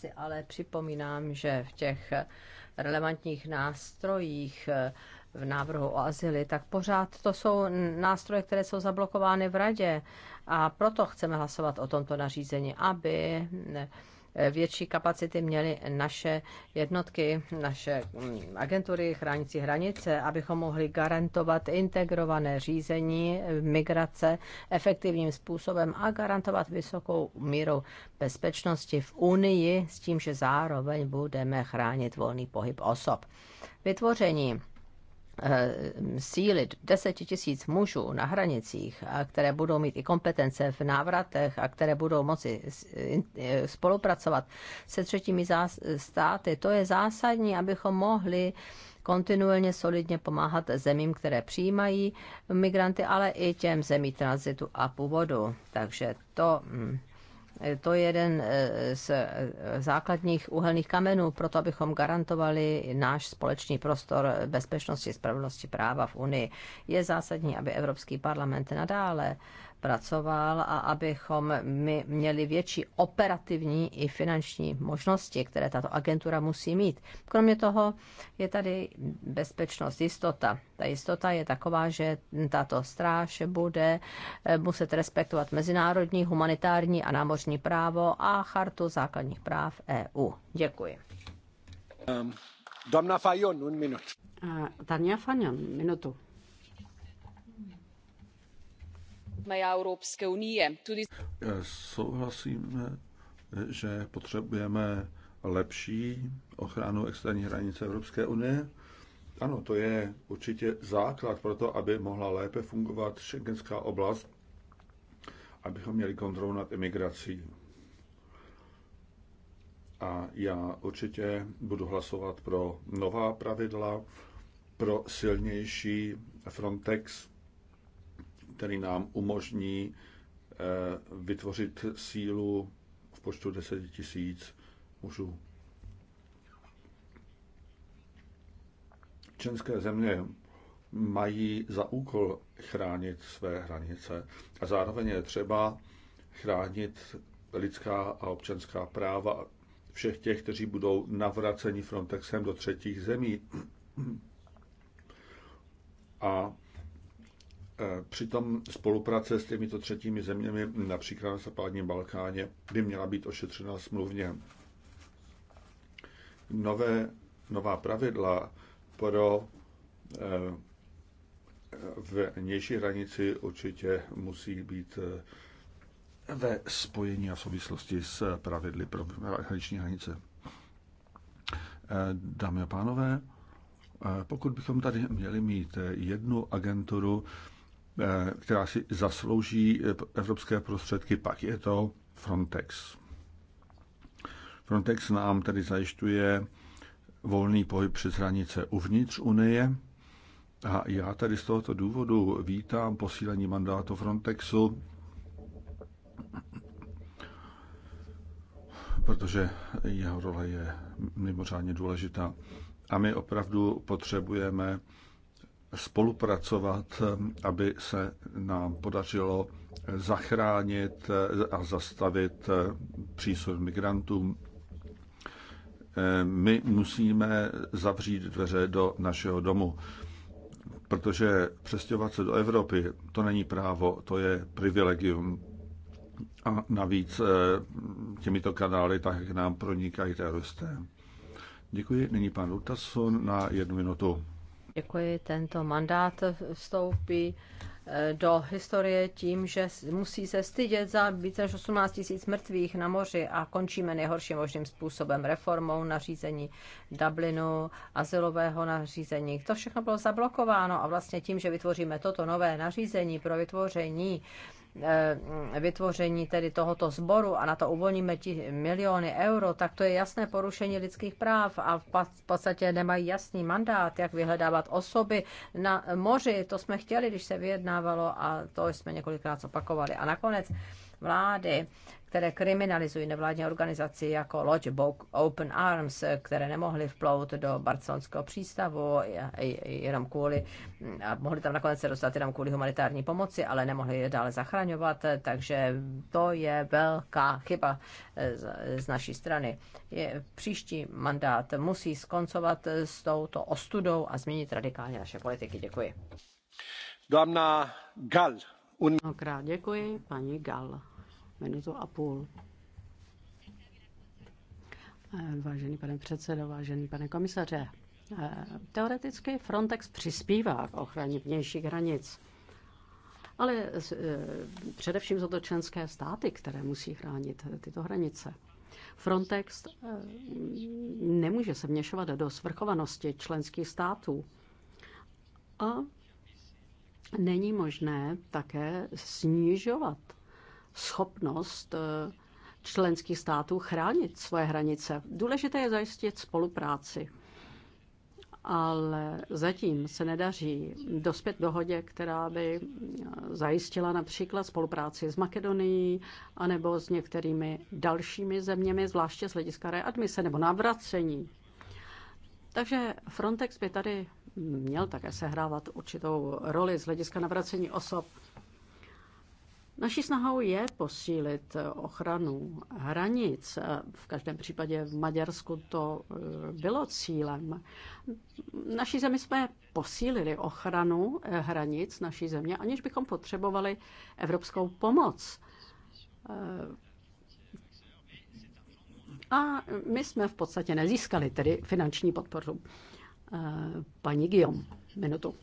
práci, ale připomínám, že v těch relevantních nástrojích eh, v návrhu o azyli, tak pořád to jsou nástroje, které jsou zablokovány v radě. A proto chceme hlasovat o tomto nařízení, aby eh, větší kapacity měly naše jednotky, naše mm, agentury chránící hranice, abychom mohli garantovat integrované řízení migrace efektivním způsobem a garantovat vysokou míru bezpečnosti v Unii s tím, že zároveň budeme chránit volný pohyb osob. Vytvoření Eh, sílit 10 tisíc mužů na hranicích, a které budou mít i kompetence v návratech a které budou moci eh, spolupracovat se třetími státy, to je zásadní, abychom mohli kontinuálně solidně pomáhat zemím, které přijímají migranty, ale i těm zemí tranzitu a původu. Takže to hm, to je jeden eh, z eh, základních uhelných kamenů pro to, abychom garantovali náš společný prostor bezpečnosti, spravedlnosti práva v Unii. Je zásadní, aby Evropský parlament nadále pracoval a abychom my měli větší operativní i finanční možnosti, které tato agentura musí mít. Kromě toho je tady bezpečnost, jistota. Ta jistota je taková, že tato stráž bude eh, muset respektovat mezinárodní, humanitární a námořní právo a chartu základních práv EU. Děkuji. Um, Fajon, un minut. Uh, Tania Fajon, minutu. meja Evropské unie. Souhlasíme, že potřebujeme lepší ochranu externí hranice Evropské unie. Ano, to je určitě základ pro to, aby mohla lépe fungovat šengenská oblast, abychom měli kontrolu nad imigrací. A já určitě budu hlasovat pro nová pravidla, pro silnější Frontex který nám umožní eh, vytvořit sílu v počtu 10 tisíc mužů. Členské země mají za úkol chránit své hranice a zároveň je třeba chránit lidská a občanská práva všech těch, kteří budou navraceni Frontexem do třetích zemí. A Přitom spolupráce s těmito třetími zeměmi, například na západním Balkáně, by měla být ošetřena smluvně. Nové, nová pravidla pro v eh, vnější hranici určitě musí být eh, ve spojení a souvislosti s pravidly pro hraniční hranice. Eh, dámy a pánové, pokud bychom tady měli mít jednu agenturu, Eh, která si zaslouží eh, evropské prostředky, pak je to Frontex. Frontex nám tedy zajišťuje volný pohyb přes hranice uvnitř Unie. A já tady z tohoto důvodu vítám posílení mandátu Frontexu, protože jeho role je mimořádně důležitá. A my opravdu potřebujeme spolupracovat, ehm, aby se nám podařilo zachránit eh, a zastavit eh, přísun migrantů. Ehm, my musíme zavřít dveře do našeho domu, protože přestěhovat se do Evropy, to není právo, to je privilegium. A navíc eh, těmito kanály tak nám pronikají teroristé. Děkuji. Nyní pan Utason na jednu minutu. Děkuji. Tento mandát vstoupí eh, do historie tím, že musí se stydět za více než 18 tisíc mrtvých na moři a končíme nejhorším možným způsobem reformou nařízení Dublinu, asilového nařízení. To všechno bylo zablokováno a vlastně tím, že vytvoříme toto nové nařízení pro vytvoření Eh, vytvoření tedy tohoto sboru a na to uvolníme ti miliony euro, tak to je jasné porušení lidských práv a v podstatě nemají jasný mandát, jak vyhledávat osoby na moři. To jsme chtěli, když se vyjednávalo a to jsme několikrát opakovali. A nakonec vlády, které kriminalizují nevládní organizaci jako loď Open Arms, které nemohly vplout do barcelonského přístavu jenom kvůli, a mohli tam nakonec se dostat jenom kvůli humanitární pomoci, ale nemohli je dále zachraňovat, takže to je velká chyba eh, z, z naší strany. Je, příští mandát musí skoncovat s touto ostudou a změnit radikálně naše politiky. Děkuji. Dámna Gal. Un... děkuji, paní Gal minutu a půl. Eh, vážený pane předsedo, vážený pane komisaře, eh, teoreticky Frontex přispívá k ochraně vnějších hranic, ale eh, především jsou to členské státy, které musí chránit tyto hranice. Frontex nemůže se měšovat do svrchovanosti členských států a není možné také snižovat schopnost eh, členských států chránit svoje hranice. Důležité je zajistit spolupráci, ale zatím se nedaří dospět dohodě, která by eh, zajistila například spolupráci s Makedonií anebo s některými dalšími zeměmi, zvláště z hlediska readmise nebo navracení. Takže Frontex by tady měl také sehrávat určitou roli z hlediska navracení osob. Naší snahou je posílit eh, ochranu hranic. Eh, v každém případě v Maďarsku to eh, bylo cílem. Naší zemi jsme posílili ochranu hranic naší země, aniž bychom potřebovali evropskou pomoc. A my jsme v podstatě nezískali tedy finanční podporu. Paní Guillaume, minutu.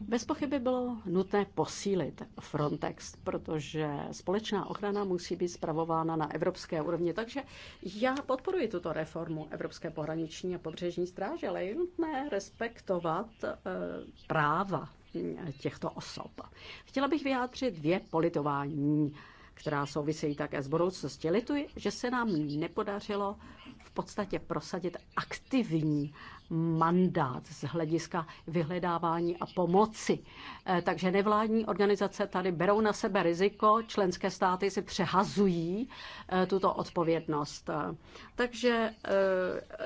Bez pochyby bylo nutné posílit Frontex, protože společná ochrana musí být spravována na evropské úrovni. Takže já podporuji tuto reformu Evropské pohraniční a pobřežní stráže, ale je nutné respektovat eh, práva těchto osob. Chtěla bych vyjádřit dvě politování která souvisejí také s budoucností. Lituji, že se nám nepodařilo v podstatě prosadit aktivní mandát z hlediska vyhledávání a pomoci. Eh, takže nevládní organizace tady berou na sebe riziko, členské státy si přehazují eh, tuto odpovědnost. Eh, takže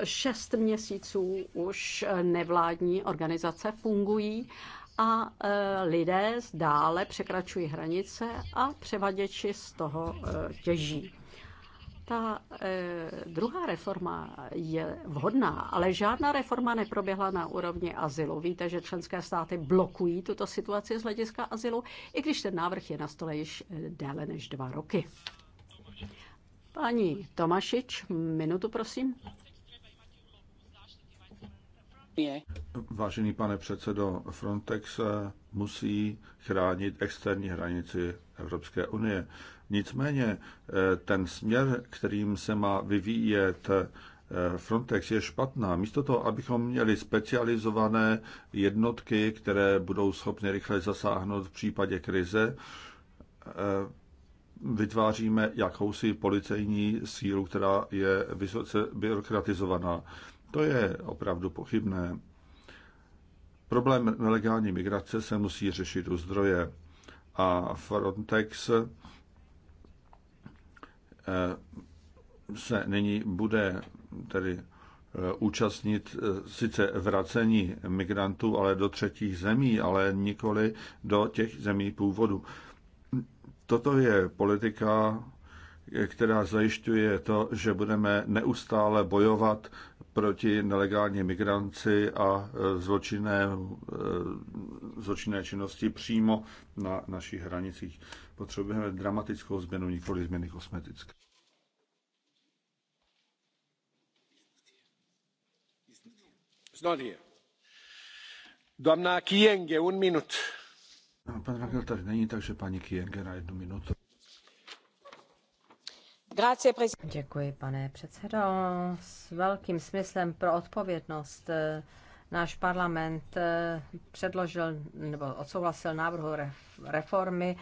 šest měsíců už nevládní organizace fungují a e, lidé dále překračují hranice a převaděči z toho e, těží. Ta e, druhá reforma je vhodná, ale žádná reforma neproběhla na úrovni azylu. Víte, že členské státy blokují tuto situaci z hlediska azylu, i když ten návrh je na stole již déle než dva roky. Paní Tomašič, minutu prosím. Vážený pane předsedo, Frontex musí chránit externí hranici Evropské unie. Nicméně eh, ten směr, kterým se má vyvíjet eh, Frontex je špatná. Místo toho, abychom měli specializované jednotky, které budou schopny rychle zasáhnout v případě krize, eh, vytváříme jakousi policejní sílu, která je vysoce byrokratizovaná. To je opravdu pochybné. Problém nelegální migrace se musí řešit u zdroje a Frontex eh, se nyní bude tedy eh, účastnit eh, sice vracení migrantů, ale do třetích zemí, ale nikoli do těch zemí původu. Toto je politika která zajišťuje to, že budeme neustále bojovat proti nelegální migranci a e, zločinné, e, zločinné činnosti přímo na našich hranicích. Potřebujeme dramatickou změnu, nikoli změny kosmetické. No, pan Rangel tady není, takže paní Kienge na jednu minutu. Děkuji, pane předsedo. S velkým smyslem pro odpovědnost eh, náš parlament eh, předložil nebo odsouhlasil návrh reformy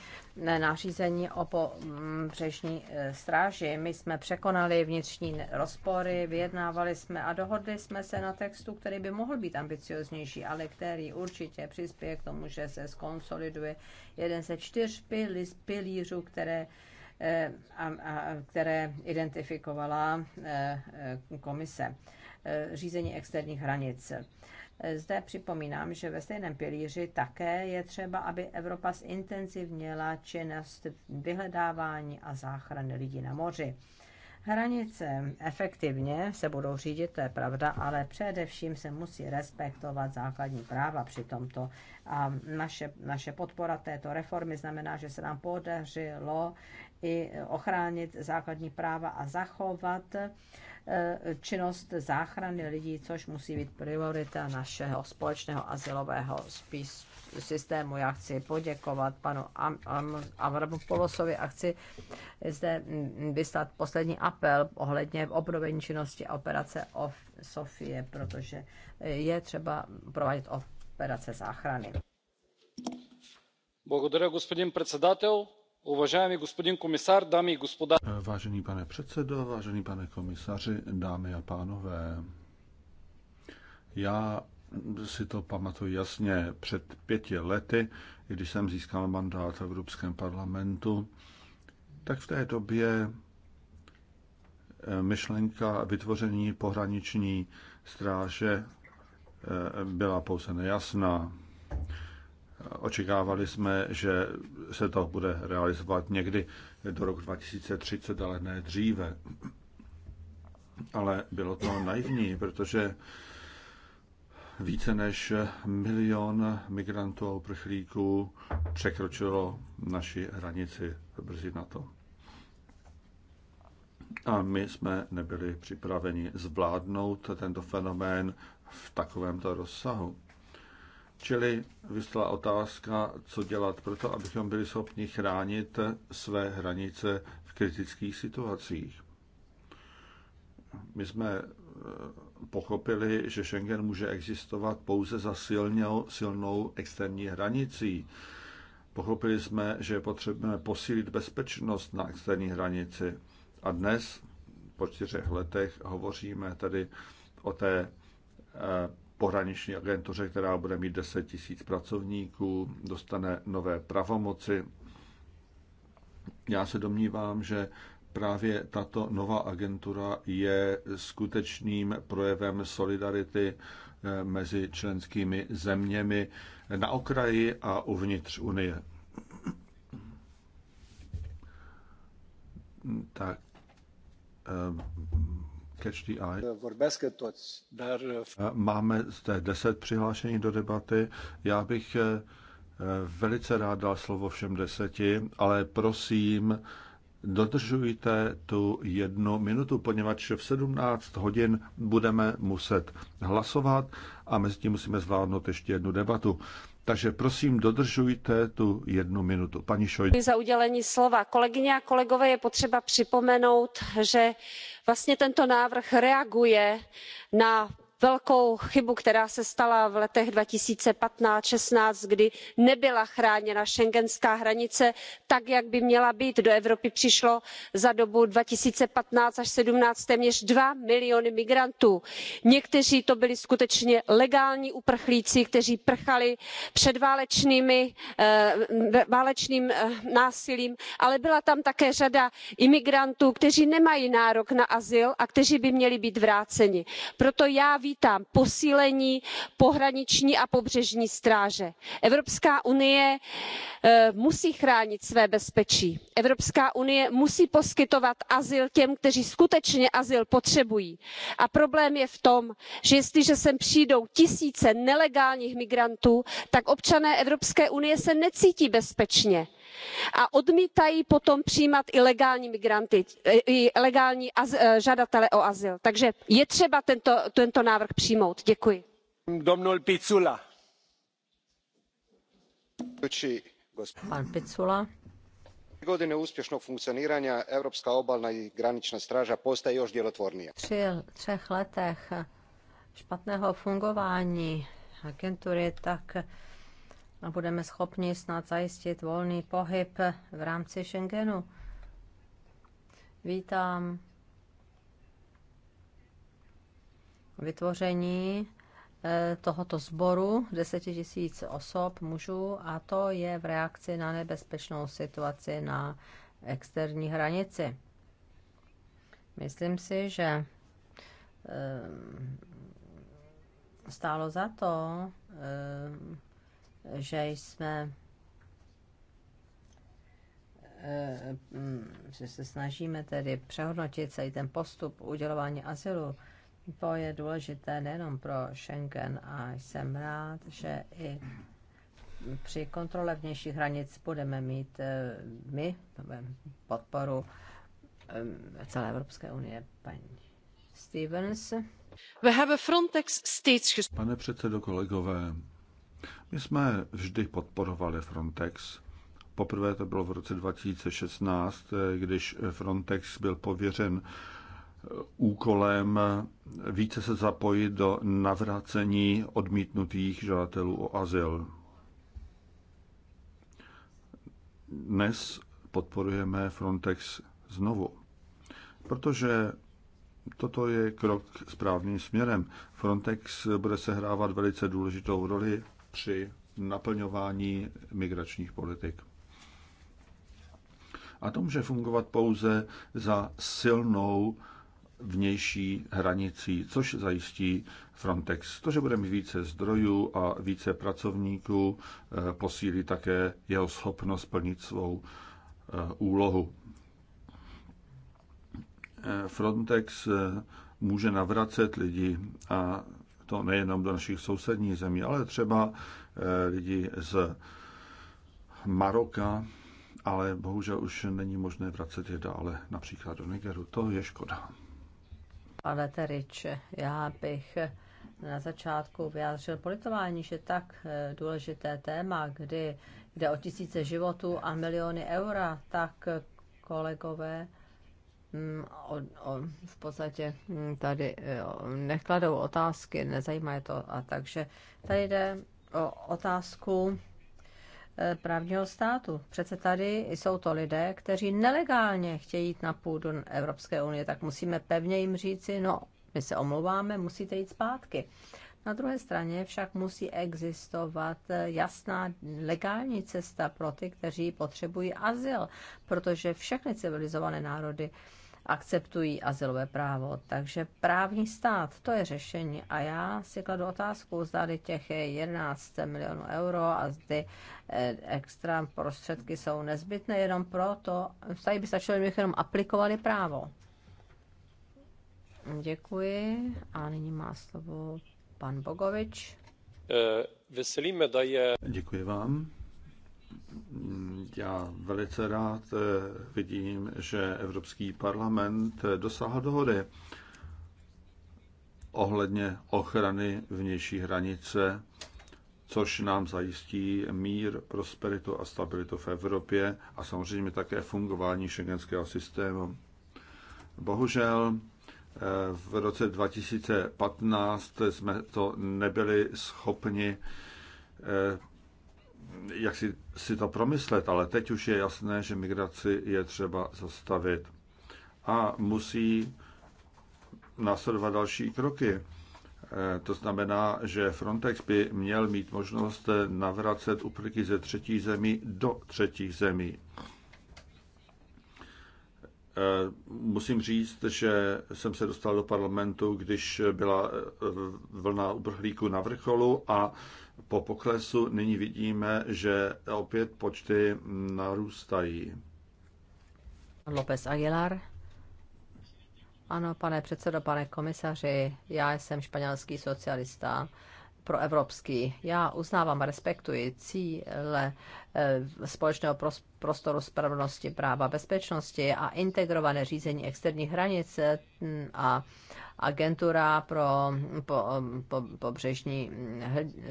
eh, nářízení o pobřežní mm, stráži. My jsme překonali vnitřní rozpory, vyjednávali jsme a dohodli jsme se na textu, který by mohl být ambicioznější, ale který určitě přispěje k tomu, že se skonsoliduje jeden ze čtyř pilířů, které Eh, a které identifikovala eh, eh, komise řízení externích hranic. Zde připomínám, že ve stejném pilíři také je třeba, aby Evropa zintenzivněla činnost vyhledávání a záchrany lidí na moři. Hranice efektivně se budou řídit, to je pravda, ale především se musí respektovat základní práva při tomto. A naše, naše podpora této reformy znamená, že se nám podařilo i ochránit základní práva a zachovat eh, činnost záchrany lidí, což musí být priorita našeho společného asilového systému. Já chci poděkovat panu Avramopoulosovi a chci zde vyslat poslední apel ohledně obnovení činnosti operace of Sofie, protože je třeba provádět operace záchrany. Děkuji. господин председател. Vážený pane předsedo, vážený pane komisaři, dámy a pánové, já si to pamatuju jasně před pěti lety, když jsem získal mandát v Evropském parlamentu, tak v té době e, myšlenka vytvoření pohraniční stráže e, byla pouze nejasná. Očekávali jsme, že se to bude realizovat někdy do roku 2030, ale ne dříve. Ale bylo to naivní, protože více než milion migrantů a uprchlíků překročilo naši hranici brzy na to. A my jsme nebyli připraveni zvládnout tento fenomén v takovémto rozsahu. Čili vyslala otázka, co dělat pro to, abychom byli schopni chránit své hranice v kritických situacích. My jsme eh, pochopili, že Schengen může existovat pouze za silnou, silnou externí hranicí. Pochopili jsme, že potřebujeme posílit bezpečnost na externí hranici. A dnes, po čtyřech letech, hovoříme tady o té eh, pohraniční agentuře, která bude mít 10 tisíc pracovníků, dostane nové pravomoci. Já se domnívám, že právě tato nová agentura je skutečným projevem solidarity eh, mezi členskými zeměmi na okraji a uvnitř Unie. Tak eh, Catch the Eye. Uh, uh, eh, máme zde deset přihlášení do debaty. Já bych eh, eh, velice rád dal slovo všem deseti, ale prosím, dodržujte tu jednu minutu, poněvadž v 17 hodin budeme muset hlasovat a mezi tím musíme zvládnout ještě jednu debatu. Takže prosím, dodržujte tu jednu minutu. Paní Šojdrová. za udělení slova. Kolegyně a kolegové, je potřeba připomenout, že vlastně tento návrh reaguje na velkou chybu která se stala v letech two thousand and fifteen two thousand and sixteen kdy nebyla chráněna schengenská hranice tak jak by měla být. do evropy přišly za dobu two thousand and fifteen až two thousand and seventeen téměř two miliony migrantů. někteří to byli skutečně legální uprchlíci kteří prchali před eh, válečným eh, násilím ale byla tam také řada imigrantů kteří nemají nárok na azyl a kteří by měli být vráceni. proto já vítám posílení pohraniční a pobřežní stráže. evropská unie eh, musí chránit své bezpečí evropská unie musí poskytovat azyl těm kteří skutečně azyl potřebují a problém je v tom že jestliže sem přijdou tisíce nelegálních migrantů tak občané evropské unie se necítí bezpečně a odmítají potom přijímat i legální e, e, žadatele o azyl. takže je třeba tento návrh přijmout. děkuji. three godine uspjenog funkcioniranja europska obalna i při třech letech špatného fungování agentury tak a budeme schopni snad zajistit volný pohyb v rámci Schengenu. Vítám vytvoření eh, tohoto sboru 10 tisíc osob mužů a to je v reakci na nebezpečnou situaci na externí hranici. Myslím si, že eh, stálo za to eh, že jsme eh, že se snažíme tedy přehodnotit celý ten postup udělování asilu. To je důležité nejenom pro Schengen a jsem rád, že i při kontrole vnějších hranic budeme mít eh, my podporu eh, celé Evropské unie, paní Stevens. Pane předsedo, kolegové, my jsme vždy podporovali Frontex. Poprvé to bylo v roce 2016, když Frontex byl pověřen eh, úkolem eh, více se zapojit do navrácení odmítnutých žadatelů o azyl. Dnes podporujeme Frontex znovu, protože toto je krok správným směrem. Frontex bude sehrávat velice důležitou roli při naplňování migračních politik. A to může fungovat pouze za silnou vnější hranicí, což zajistí Frontex. To, že bude mít více zdrojů a více pracovníků, eh, posílí také jeho schopnost plnit svou eh, úlohu. Eh, Frontex může navracet lidi a to nejenom do našich sousedních zemí, ale třeba eh, lidi z Maroka, ale bohužel už není možné vracet je dále, například do Nigeru. To je škoda. Pane Teriče, já bych na začátku vyjádřil politování, že tak eh, důležité téma, kdy jde o tisíce životů a miliony eura, tak eh, kolegové Mm, o, o, v podstatě mm, tady e, nekladou otázky, nezajímá je to. A takže tady jde o otázku e, právního státu. Přece tady jsou to lidé, kteří nelegálně chtějí jít na půdu Evropské unie, tak musíme pevně jim říci, no my se omlouváme, musíte jít zpátky. Na druhé straně však musí existovat jasná legální cesta pro ty, kteří potřebují azyl, protože všechny civilizované národy akceptují azylové právo. Takže právní stát, to je řešení. A já si kladu otázku, zda těch 11 milionů euro a zde eh, extra prostředky jsou nezbytné jenom proto, tady by stačilo, kdybych jenom aplikovali právo. Děkuji a nyní má slovo pan Bogovič. E, Veselíme, da je... Děkuji vám. Já velice rád e, vidím, že Evropský parlament e, dosáhl dohody ohledně ochrany vnější hranice, což nám zajistí mír, prosperitu a stabilitu v Evropě a samozřejmě také fungování šengenského systému. Bohužel v roce 2015 jsme to nebyli schopni eh, jak si, si to promyslet, ale teď už je jasné, že migraci je třeba zastavit. A musí následovat další kroky. Eh, to znamená, že Frontex by měl mít možnost eh, navracet uprky ze třetí zemí do třetích zemí. Eh, musím říct, že jsem se dostal do parlamentu, když byla eh, vlna uprchlíků na vrcholu a po poklesu nyní vidíme, že opět počty narůstají. López Aguilar. Ano, pane předsedo, pane komisaři, já jsem španělský socialista proevropský. Já uznávám a respektuji cíle eh, společného prostoru spravedlnosti, práva, bezpečnosti a integrované řízení externích hranic eh, a agentura pro po, po,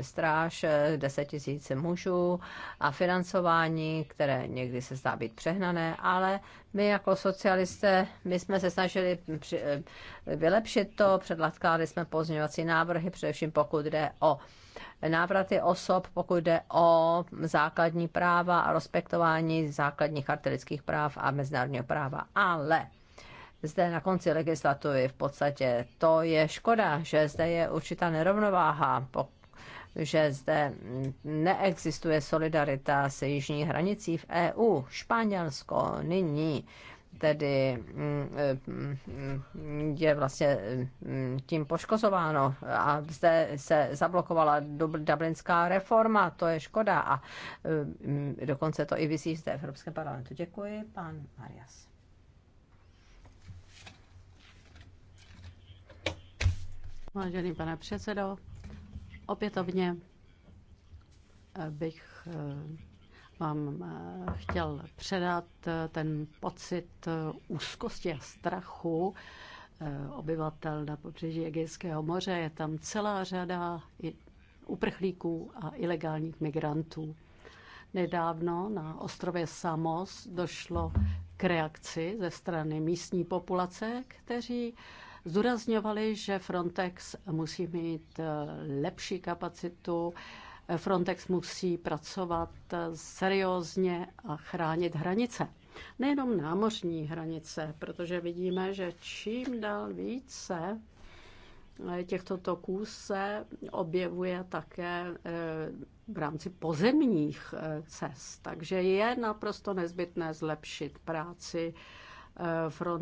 stráž 10 tisíc mužů a financování, které někdy se zdá být přehnané, ale my jako socialisté, my jsme se snažili při, vylepšit to, předlatkali jsme pozměňovací návrhy, především pokud jde o návraty osob, pokud jde o základní práva a respektování základních charty práv a mezinárodního práva. Ale zde na konci legislativy v podstatě. To je škoda, že zde je určitá nerovnováha, že zde neexistuje solidarita se jižní hranicí v EU. Španělsko nyní tedy mm, mm, je vlastně mm, tím poškozováno. A zde se zablokovala dublinská reforma, to je škoda. A dokonce to i vysí zde v Evropském parlamentu. Děkuji, pan Marias. Vážený pane předsedo, opětovně eh, bych eh, vám eh, chtěl předat ten pocit úzkosti a strachu obyvatel na pobřeží Egejského moře. Je tam celá řada uprchlíků a ilegálních migrantů. Nedávno na ostrově Samos došlo k reakci ze strany místní populace, kteří zdůrazňovali, že Frontex musí mít eh, lepší kapacitu, Frontex musí pracovat eh, seriózně a chránit hranice. Nejenom námořní hranice, protože vidíme, že čím dál více eh, těchto toků se objevuje také v rámci pozemních cest. Takže je naprosto nezbytné zlepšit práci Front